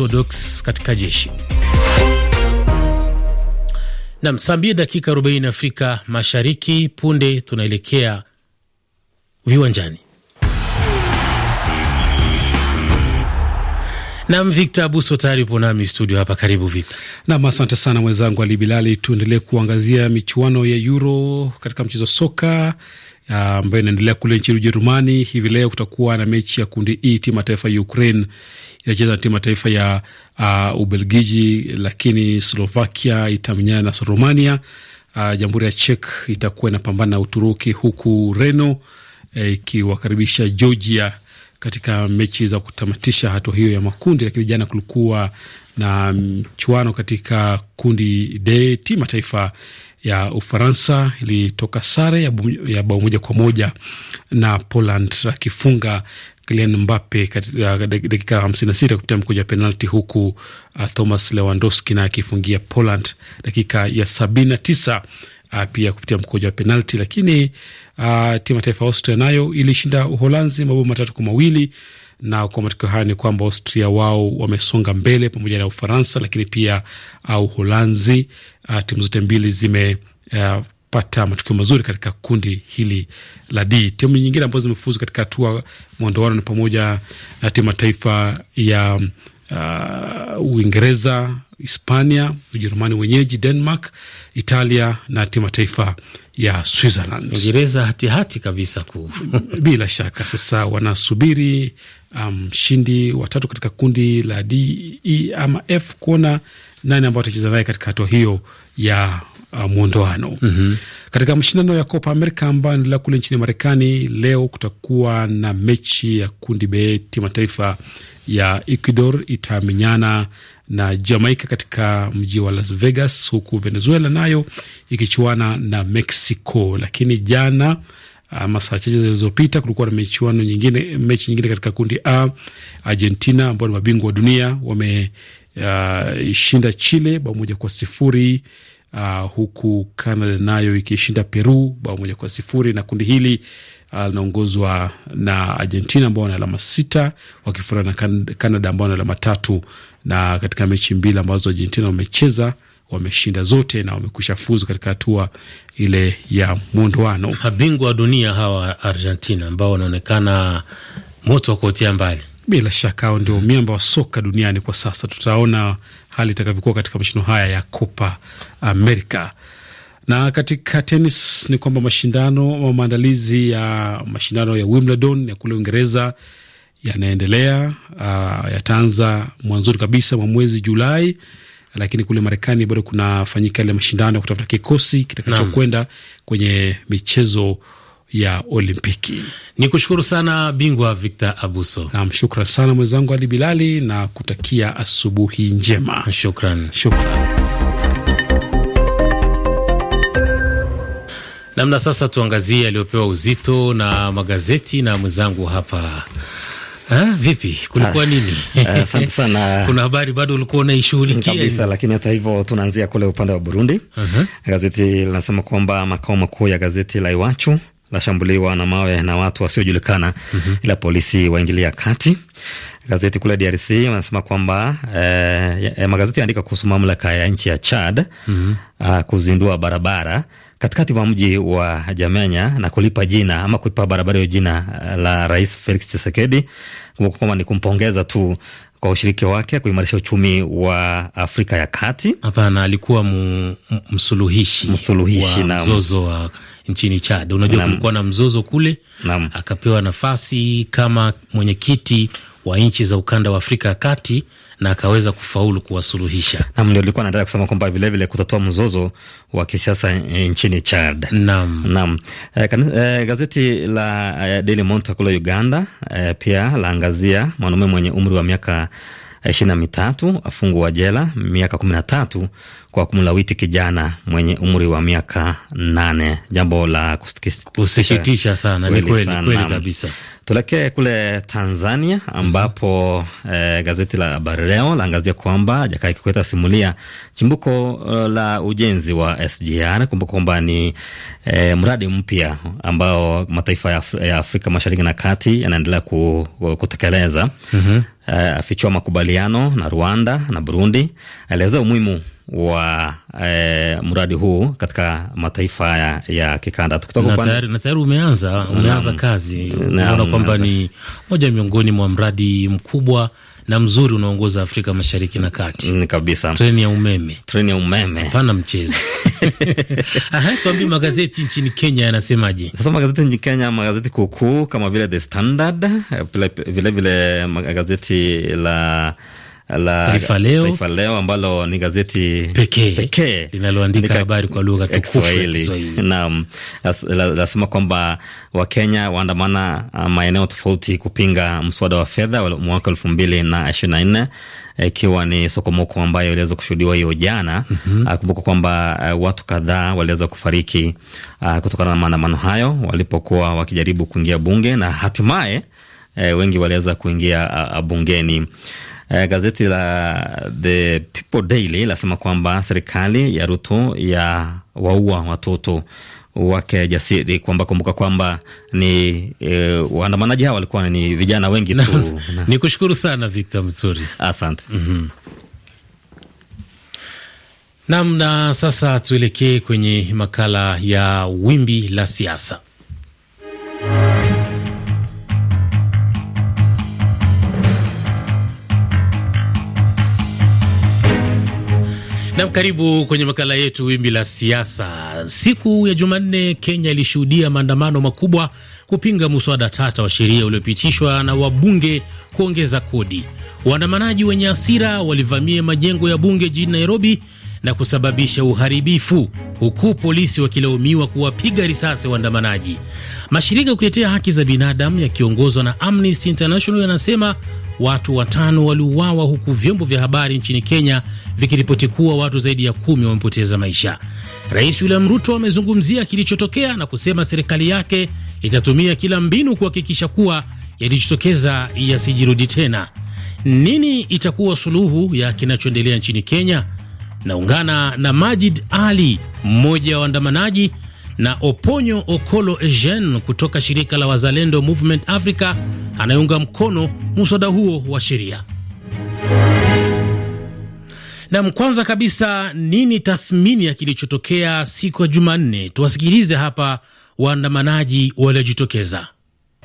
orthodox katika jeshi. Nam, saa mbili dakika arobaini Afrika Mashariki. Punde tunaelekea viwanjani. Nam Victor Abuso tayari upo nami studio hapa, karibu Victor. Nam, asante sana mwenzangu Ali Bilali. Tuendelee kuangazia michuano ya Euro katika mchezo soka ambayo inaendelea kule nchini Ujerumani hivi leo. Kutakuwa na mechi ya kundi E timu ya taifa ya Ukraine inacheza na timu ya taifa ya uh, Ubelgiji, lakini Slovakia itamenyana na Romania. Uh, Jamhuri ya chek itakuwa inapambana na Uturuki, huku Reno e, ikiwakaribisha eh, Georgia katika mechi za kutamatisha hatua hiyo ya makundi. Lakini jana kulikuwa na mchuano katika kundi D. Timu ya taifa ya Ufaransa ilitoka sare ya bao moja kwa moja na Poland, akifunga Kylian Mbappe katika uh, dakika sita kupitia mkoja wa penalti, huku uh, Thomas Lewandowski naye akifungia Poland dakika ya tisa uh, pia kupitia mkoja wa penalti. Lakini uh, timu ya taifa Austria nayo ilishinda Uholanzi mabao matatu kwa mawili na kwa matokeo haya ni kwamba Austria wao wamesonga mbele pamoja na Ufaransa, lakini pia uh, Uholanzi. Uh, timu zote mbili zime uh, kupata matokeo mazuri katika kundi hili la D. Timu nyingine ambazo zimefuzu katika hatua mwondoano ni pamoja na timu mataifa ya uh, Uingereza, Hispania, Ujerumani wenyeji, Denmark, Italia na timu mataifa ya Switzerland. Uingereza hatihati kabisa ku bila shaka sasa wanasubiri um, mshindi um, watatu katika kundi la D, E ama F kuona nani ambao watacheza naye katika hatua hiyo ya uh, mwondoano mm -hmm. Katika mashindano ya Copa America ambayo anaendelea kule nchini Marekani, leo kutakuwa na mechi ya kundi B. Timu taifa ya Ecuador itamenyana na Jamaica katika mji wa Las Vegas, huku Venezuela nayo ikichuana na Mexico. Lakini jana uh, masaa chache zilizopita kulikuwa na michuano nyingine, mechi nyingine katika kundi A. Argentina ambao ni mabingwa wa dunia wameshinda uh, Chile bao moja kwa sifuri uh, huku Canada nayo ikishinda Peru bao moja kwa sifuri na kundi hili ah, linaongozwa uh, na Argentina ambao wana alama sita wakifura na Canada ambao wana alama tatu, na katika mechi mbili ambazo Argentina wamecheza wameshinda zote na wamekwisha fuzu katika hatua ile ya mwondoano. Mabingwa wa dunia hawa Argentina ambao wanaonekana moto wa kuotea mbali. Bila shaka hao ndio miamba wa soka duniani kwa sasa. Tutaona hali itakavyokuwa katika mashindano haya ya Copa America. Na katika tenis ni kwamba mashindano maandalizi ya mashindano ya Wimbledon ya kule Uingereza yanaendelea, uh, yataanza mwanzoni kabisa mwa mwezi Julai, lakini kule Marekani bado kunafanyika yale mashindano ya kutafuta kikosi kitakachokwenda kwenye michezo ya Olimpiki. Ni kushukuru sana bingwa Victor Abuso. Nam, shukran sana mwenzangu Ali Bilali na kutakia asubuhi njema. Shukran, shukran. Namna sasa, tuangazie aliyopewa uzito na magazeti na mwenzangu hapa. Ha, vipi kulikuwa ah, nini? Eh, asante sana. Kuna habari bado ulikuwa unaishughulikia kabisa, lakini hata hivyo tunaanzia kule upande wa Burundi. uh -huh. Gazeti linasema kwamba makao makuu ya gazeti la Iwachu lashambuliwa na mawe na watu wasiojulikana mm -hmm. ila polisi waingilia kati. Gazeti kule DRC wanasema kwamba eh, eh, magazeti yaandika kuhusu mamlaka ya nchi ya Chad mm -hmm. ah, kuzindua barabara katikati mwa mji wa Jamenya na kulipa jina ama kuipa barabara hiyo jina eh, la Rais Felix Tshisekedi, kwamba ni kumpongeza tu kwa ushiriki wake kuimarisha uchumi wa Afrika ya Kati. Hapana, alikuwa msuluhishi msuluhishi wa mzozo wa nchini Chad. Unajua kulikuwa na mzozo kule Nam. Akapewa nafasi kama mwenyekiti wa nchi za ukanda wa Afrika ya Kati na akaweza kufaulu kuwasuluhisha. Nam ndio alikuwa anataka kusema kwamba vilevile kutatua mzozo wa kisiasa e, nchini Chad. Nam. Nam. E, e, gazeti la e, Daily Monitor kule Uganda e, pia laangazia mwanaume mwenye umri wa miaka ishirini na mitatu afungwa jela miaka kumi na tatu kwa kumlawiti kijana mwenye umri wa miaka nane. Jambo la kusikitisha sana, ni kweli kweli kabisa. Tuelekee kule Tanzania ambapo eh, gazeti la Habari Leo laangazia kwamba Jakaya Kikwete asimulia chimbuko eh, la ujenzi wa SGR. Kumbuka kwamba ni eh, mradi mpya ambao mataifa ya, Afri, ya Afrika Mashariki na Kati yanaendelea ku, ku, kutekeleza. mm -hmm. Uh, afichua makubaliano na Rwanda na Burundi, aelezea umuhimu wa eh, mradi huu katika mataifa ya, ya kikanda na tayari umeanza, umeanza na, kazi unaona kwamba ni moja miongoni mwa mradi mkubwa na mzuri unaongoza Afrika Mashariki na Kati mm, kabisa. Treni ya umeme, treni ya umeme, hapana mchezo. Aha, tuambie magazeti nchini Kenya yanasemaje sasa? Magazeti nchini Kenya, magazeti kuukuu kama vile The Standard, eh, vile vile magazeti la la Taifa Leo, Taifa Leo ambalo ni gazeti pekee peke linaloandika habari kwa lugha tukufu ya Kiswahili. Naam, nasema kwamba Wakenya waandamana uh, maeneo tofauti kupinga mswada wa fedha mwaka elfu mbili na ishirini na nne ikiwa ni sokomoko ambayo iliweza kushuhudiwa hiyo jana. mm -hmm. Kumbuka kwamba uh, watu kadhaa waliweza kufariki uh, kutokana na maandamano hayo walipokuwa wakijaribu kuingia bunge na hatimaye uh, wengi waliweza kuingia uh, uh bungeni eh, gazeti la The People Daily lasema kwamba serikali ya Ruto ya waua watoto wake jasiri, kwamba kumbuka kwamba ni e, waandamanaji hawa walikuwa ni vijana wengi tu. Ni kushukuru sana Victor Mzuri, asante mm -hmm. Nam, na sasa tuelekee kwenye makala ya wimbi la siasa. Nam, karibu kwenye makala yetu wimbi la siasa. Siku ya Jumanne, Kenya ilishuhudia maandamano makubwa kupinga muswada tata wa sheria uliopitishwa na wabunge kuongeza kodi. Waandamanaji wenye hasira walivamia majengo ya bunge jijini Nairobi na kusababisha uharibifu, huku polisi wakilaumiwa kuwapiga risasi waandamanaji. Mashirika ya kutetea haki za binadamu yakiongozwa na Amnesty International yanasema watu watano waliuawa, huku vyombo vya habari nchini Kenya vikiripoti kuwa watu zaidi ya kumi wamepoteza maisha. Rais William Ruto amezungumzia kilichotokea na kusema serikali yake itatumia kila mbinu kuhakikisha kuwa yalichotokeza yasijirudi tena. Nini itakuwa suluhu ya kinachoendelea nchini Kenya? naungana na Majid Ali, mmoja wa waandamanaji, na Oponyo Okolo Ejen kutoka shirika la Wazalendo Movement Africa anayeunga mkono muswada huo wa sheria. Nam, kwanza kabisa, nini tathmini ya kilichotokea siku ya Jumanne? Tuwasikilize hapa waandamanaji waliojitokeza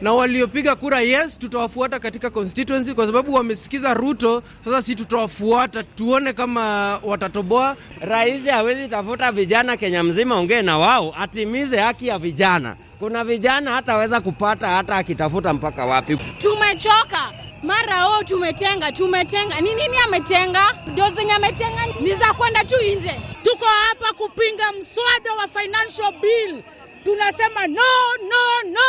na waliopiga kura yes, tutawafuata katika constituency kwa sababu wamesikiza Ruto. Sasa si tutawafuata, tuone kama watatoboa. Rais hawezi tafuta vijana Kenya mzima, ongee na wao, atimize haki ya vijana. Kuna vijana hataweza kupata hata akitafuta mpaka wapi. Tumechoka mara o tumetenga tumetenga, ni nini ametenga? Ndo zenye ametenga ni za kwenda tu nje. Tuko hapa kupinga mswada wa financial bill, tunasema no, no, no.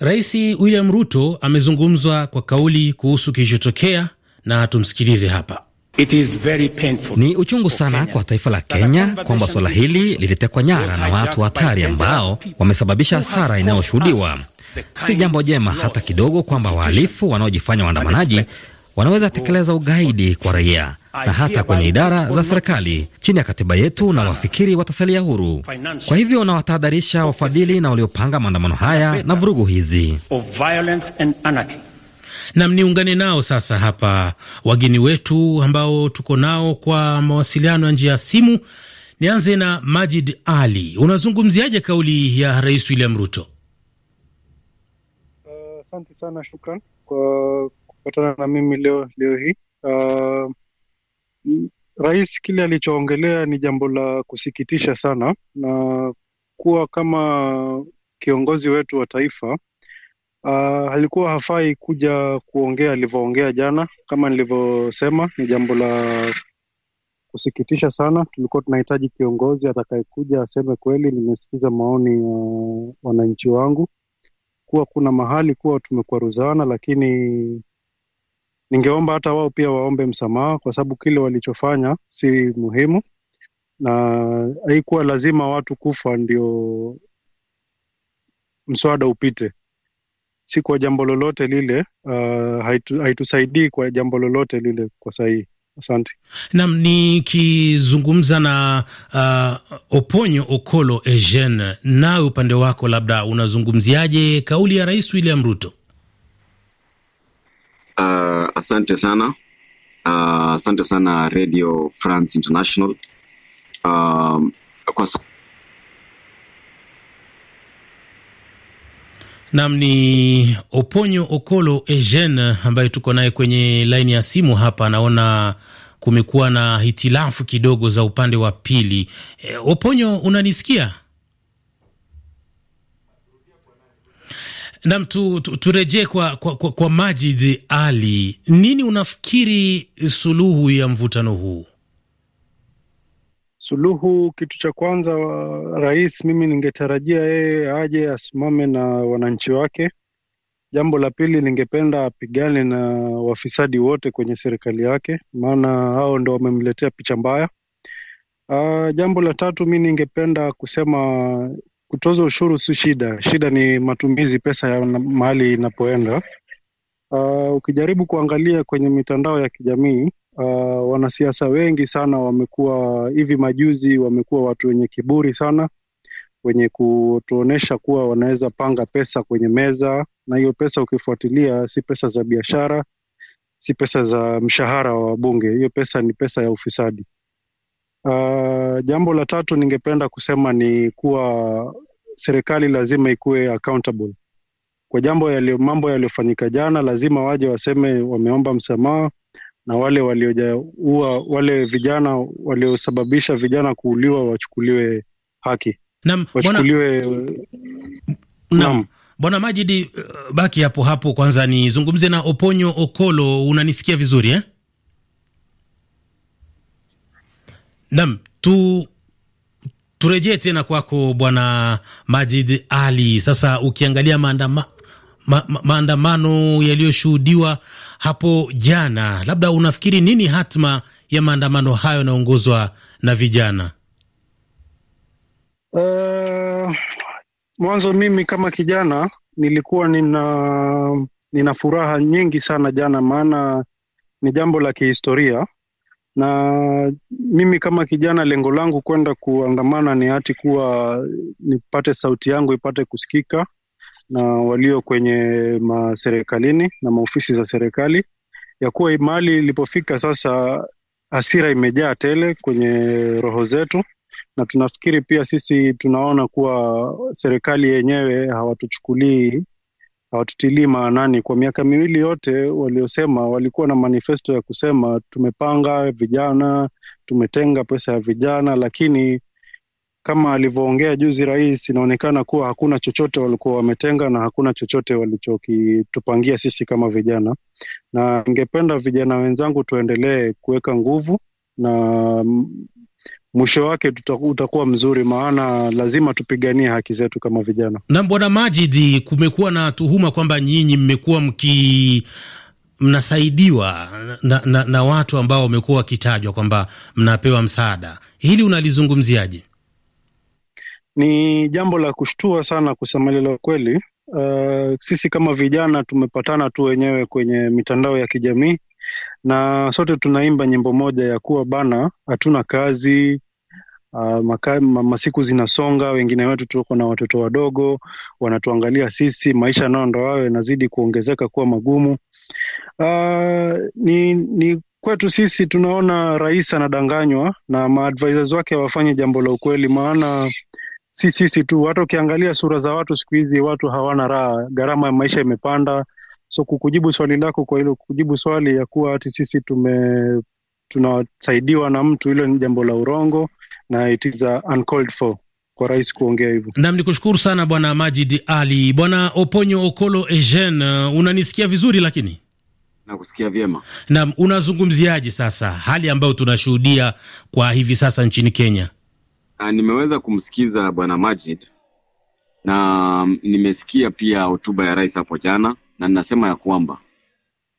Rais William Ruto amezungumzwa kwa kauli kuhusu kilichotokea, na tumsikilize hapa. It is very painful. Ni uchungu sana kwa taifa la Kenya kwamba suala hili lilitekwa nyara na watu hatari ambao wamesababisha hasara inayoshuhudiwa. Si jambo jema hata kidogo kwamba wahalifu wanaojifanya waandamanaji wanaweza tekeleza ugaidi kwa raia na hata kwenye idara za serikali chini ya katiba yetu, na wafikiri watasalia huru. Kwa hivyo nawatahadharisha wafadhili na waliopanga maandamano haya na vurugu hizi. Nam, niungane nao sasa hapa, wageni wetu ambao tuko nao kwa mawasiliano ya njia ya simu. Nianze na Majid Ali, unazungumziaje kauli ya Rais William Ruto? Uh, asante uh, sana, shukran kwa kupatana na mimi leo leo hii uh, rais kile alichoongelea ni jambo la kusikitisha sana, na kuwa kama kiongozi wetu wa taifa uh, alikuwa hafai kuja kuongea alivyoongea jana. Kama nilivyosema, ni jambo la kusikitisha sana. Tulikuwa tunahitaji kiongozi atakayekuja aseme kweli, nimesikiza maoni ya uh, wananchi wangu, kuwa kuna mahali kuwa tumekwaruzana, lakini Ningeomba hata wao pia waombe msamaha, kwa sababu kile walichofanya si muhimu na haikuwa lazima watu kufa ndio mswada upite. Si kwa jambo lolote lile, uh, haitu, haitusaidii kwa jambo lolote lile kwa sahihi. Asante. nam nikizungumza na uh, Oponyo Okolo Eugene, nawe upande wako labda unazungumziaje kauli ya Rais William Ruto? Uh, asante sana uh, asante sana Radio France International uh, ah, Nam ni Oponyo Okolo Eugene ambaye tuko naye kwenye laini ya simu hapa. Anaona kumekuwa na hitilafu kidogo za upande wa pili. E, Oponyo, unanisikia? Nam, turejee kwa, kwa, kwa, kwa Majid Ali, nini unafikiri suluhu ya mvutano huu? Suluhu, kitu cha kwanza, rais, mimi ningetarajia yeye aje asimame na wananchi wake. Jambo la pili, ningependa apigane na wafisadi wote kwenye serikali yake, maana hao ndo wamemletea picha mbaya. Uh, jambo la tatu, mi ningependa kusema Kutoza ushuru si shida, shida ni matumizi pesa ya mahali inapoenda. Uh, ukijaribu kuangalia kwenye mitandao ya kijamii uh, wanasiasa wengi sana wamekuwa hivi majuzi, wamekuwa watu wenye kiburi sana, wenye kutuonyesha kuwa wanaweza panga pesa kwenye meza, na hiyo pesa ukifuatilia, si pesa za biashara, si pesa za mshahara wa wabunge, hiyo pesa ni pesa ya ufisadi. Uh, jambo la tatu ningependa kusema ni kuwa serikali lazima ikuwe accountable kwa jambo yali, mambo yaliyofanyika jana. Lazima waje waseme wameomba msamaha, na wale walioua wale vijana waliosababisha vijana kuuliwa wachukuliwe haki, wachukuliwe nam Bwana Majidi, uh, baki hapo hapo. Kwanza nizungumze na Oponyo Okolo, unanisikia vizuri eh? Nam tu turejee tena kwako Bwana Majid Ali. Sasa ukiangalia maandama, ma, ma, maandamano yaliyoshuhudiwa hapo jana, labda unafikiri nini hatma ya maandamano hayo yanaongozwa na vijana? Uh, mwanzo mimi kama kijana nilikuwa nina nina furaha nyingi sana jana, maana ni jambo la kihistoria na mimi kama kijana, lengo langu kwenda kuandamana ni hati kuwa nipate sauti yangu ipate kusikika na walio kwenye maserikalini na maofisi za serikali, ya kuwa mahali ilipofika sasa, hasira imejaa tele kwenye roho zetu, na tunafikiri pia sisi tunaona kuwa serikali yenyewe hawatuchukulii hawatutilii maanani. Kwa miaka miwili yote waliosema walikuwa na manifesto ya kusema tumepanga vijana, tumetenga pesa ya vijana, lakini kama alivyoongea juzi rais, inaonekana kuwa hakuna chochote walikuwa wametenga na hakuna chochote walichokitupangia sisi kama vijana. Na ningependa vijana wenzangu tuendelee kuweka nguvu na mwisho wake utakuwa mzuri, maana lazima tupiganie haki zetu kama vijana. Na Bwana Majidi, kumekuwa na tuhuma kwamba nyinyi mmekuwa mki mnasaidiwa na, na, na watu ambao wamekuwa wakitajwa kwamba mnapewa msaada. Hili unalizungumziaje? Ni jambo la kushtua sana, kusema lilo kweli. Uh, sisi kama vijana tumepatana tu wenyewe kwenye mitandao ya kijamii na sote tunaimba nyimbo moja ya kuwa bana hatuna kazi uh, maka, masiku zinasonga, wengine wetu tuko na watoto wadogo wanatuangalia sisi, maisha nao ndo hayo yanazidi kuongezeka kuwa magumu. Uh, ni, ni kwetu sisi tunaona rais anadanganywa na maadvisors wake wafanye jambo la ukweli, maana si sisi tu, hata ukiangalia sura za watu siku hizi watu hawana raha, gharama ya maisha imepanda So kukujibu swali lako kwa hilo, kujibu swali ya kuwa hati sisi tume tunasaidiwa na mtu, hilo ni jambo la urongo na it is uncalled for kwa rais kuongea hivyo. Nam ni kushukuru sana Bwana Majid Ali. Bwana Oponyo Okolo Ejen, unanisikia vizuri lakini Nakusikia vyema. Naam, unazungumziaje sasa hali ambayo tunashuhudia kwa hivi sasa nchini Kenya? Ha, ah, nimeweza kumsikiza bwana Majid na mm, nimesikia pia hotuba ya rais hapo jana, na ninasema ya kwamba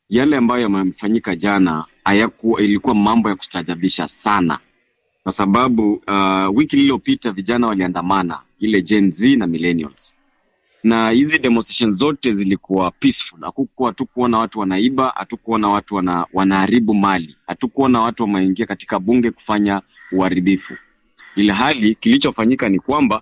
yale ambayo yamefanyika jana ayaku, ilikuwa mambo ya kustajabisha sana, kwa sababu uh, wiki iliyopita vijana waliandamana ile Gen Z na millennials, na hizi demonstration zote zilikuwa peaceful. Hakukuwa, hatukuona watu wanaiba, hatukuona watu wana, wanaharibu mali, hatukuona watu wameingia katika bunge kufanya uharibifu, hali kilichofanyika ni kwamba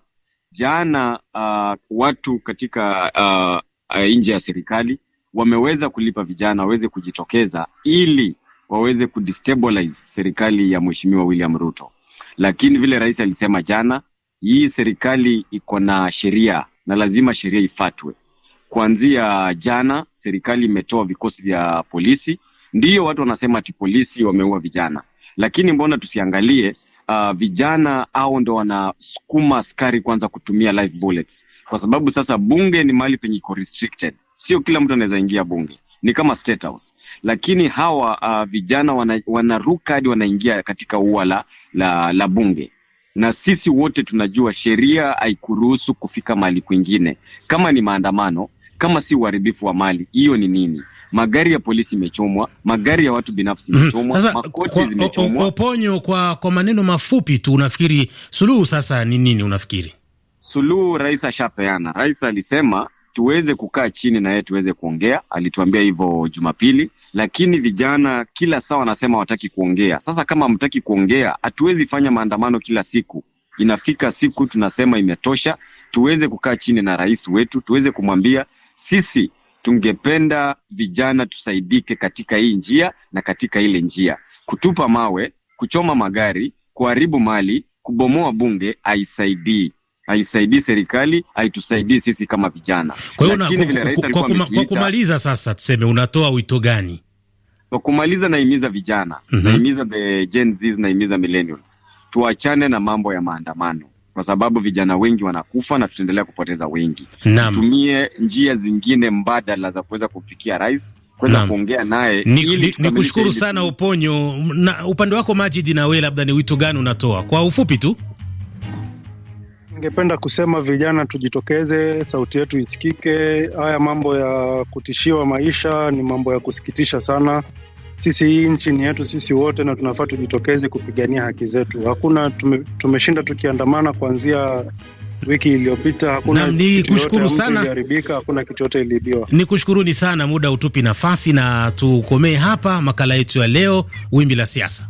jana uh, watu katika uh, uh, nje ya serikali wameweza kulipa vijana waweze kujitokeza ili waweze kudestabilize serikali ya Mheshimiwa William Ruto. Lakini vile rais alisema jana, hii serikali iko na sheria na lazima sheria ifatwe. Kuanzia jana, serikali imetoa vikosi vya polisi. Ndiyo watu wanasema ati polisi wameua vijana, lakini mbona tusiangalie uh, vijana au ndo wanasukuma askari kwanza kutumia live bullets, kwa sababu sasa bunge ni mahali penye iko restricted, sio kila mtu anaweza ingia bunge ni kama State House. Lakini hawa uh, vijana wana, wanaruka hadi wanaingia katika ua la, la, la bunge, na sisi wote tunajua sheria haikuruhusu kufika mahali kwingine. Kama ni maandamano, kama si uharibifu wa mali, hiyo ni nini? Magari ya polisi imechomwa, magari ya watu binafsi mhm. imechomwa, mm. zimechomwa. Oponyo kwa, kwa maneno mafupi tu, unafikiri suluhu sasa ni nini? Unafikiri suluhu rais ashapeana. Rais alisema tuweze kukaa chini na yeye tuweze kuongea, alituambia hivyo Jumapili, lakini vijana kila saa wanasema wataki kuongea. Sasa kama hamtaki kuongea, hatuwezi fanya maandamano kila siku. Inafika siku tunasema imetosha, tuweze kukaa chini na rais wetu, tuweze kumwambia sisi tungependa vijana tusaidike katika hii njia na katika ile njia, kutupa mawe, kuchoma magari, kuharibu mali, kubomoa bunge haisaidii haisaidii serikali, haitusaidii sisi kama vijana. Kwa kumaliza sasa, tuseme unatoa wito gani? Kwa kumaliza, naimiza vijana mm -hmm. nahimiza the Gen Z, naimiza millennials, tuachane na mambo ya maandamano kwa sababu vijana wengi wanakufa na tutaendelea kupoteza wengi. Tutumie njia zingine mbadala za kuweza kufikia rais kuweza kuongea naye. Nikushukuru ni, ni sana Uponyo. Na upande wako majid na wewe labda ni wito gani unatoa kwa ufupi tu? Ningependa kusema vijana tujitokeze, sauti yetu isikike. Haya mambo ya kutishiwa maisha ni mambo ya kusikitisha sana sisi hii nchi ni yetu sisi wote, na tunafaa tujitokeze kupigania haki zetu. Hakuna tume, tumeshinda tukiandamana kuanzia wiki iliyopita, hakuna kushukuru sana, iliharibika hakuna kitu yote iliibiwa. Ni kushukuruni sana, muda utupi nafasi, na tukomee hapa makala yetu ya leo, wimbi la siasa.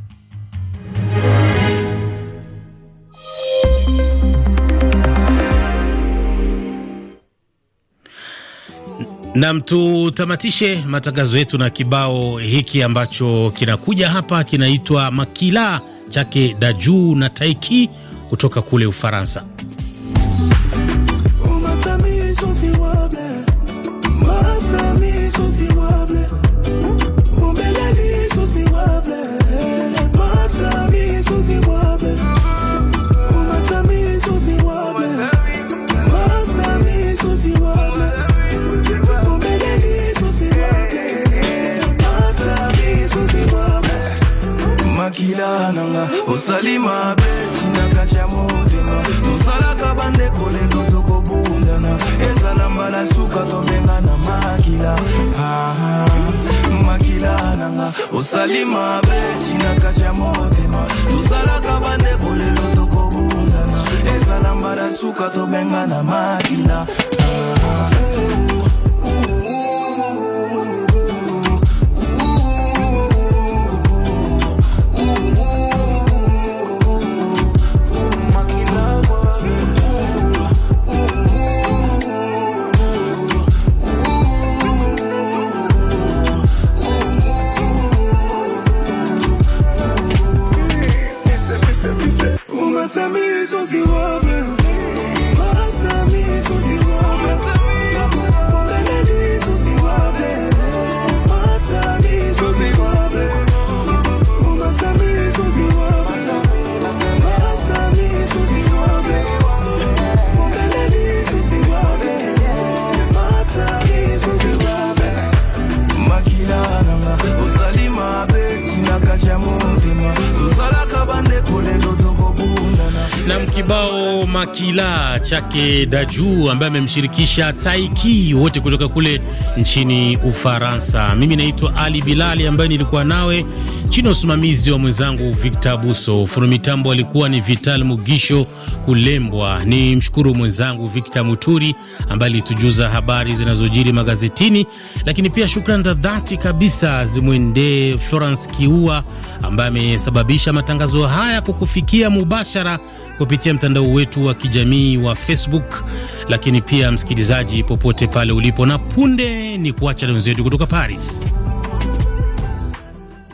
Nam, tutamatishe matangazo yetu na kibao hiki ambacho kinakuja hapa, kinaitwa Makila chake Daju na Taiki kutoka kule Ufaransa. nanga osalima be sinakati ya motema tosalaka bandeko lelo tokobundana ezala mbala suka tobenga na makila Aha, makila nanga osalima be sinakati ya motema tosalaka bandeko lelo tokobundana ezala mbala suka tobenga na makila Ah. Send me kibao Makila chake Daju ambaye amemshirikisha Taiki, wote kutoka kule nchini Ufaransa. Mimi naitwa Ali Bilali ambaye nilikuwa nawe chini ya usimamizi wa mwenzangu Victor Buso. Funo mitambo alikuwa ni Vital Mugisho Kulembwa. Ni mshukuru mwenzangu Victor Muturi ambaye alitujuza habari zinazojiri magazetini, lakini pia shukrani za dhati kabisa zimwendee Florence Kiua ambaye amesababisha matangazo haya kukufikia mubashara kupitia mtandao wetu wa kijamii wa Facebook, lakini pia msikilizaji, popote pale ulipo, na punde ni kuacha na wenzetu kutoka Paris.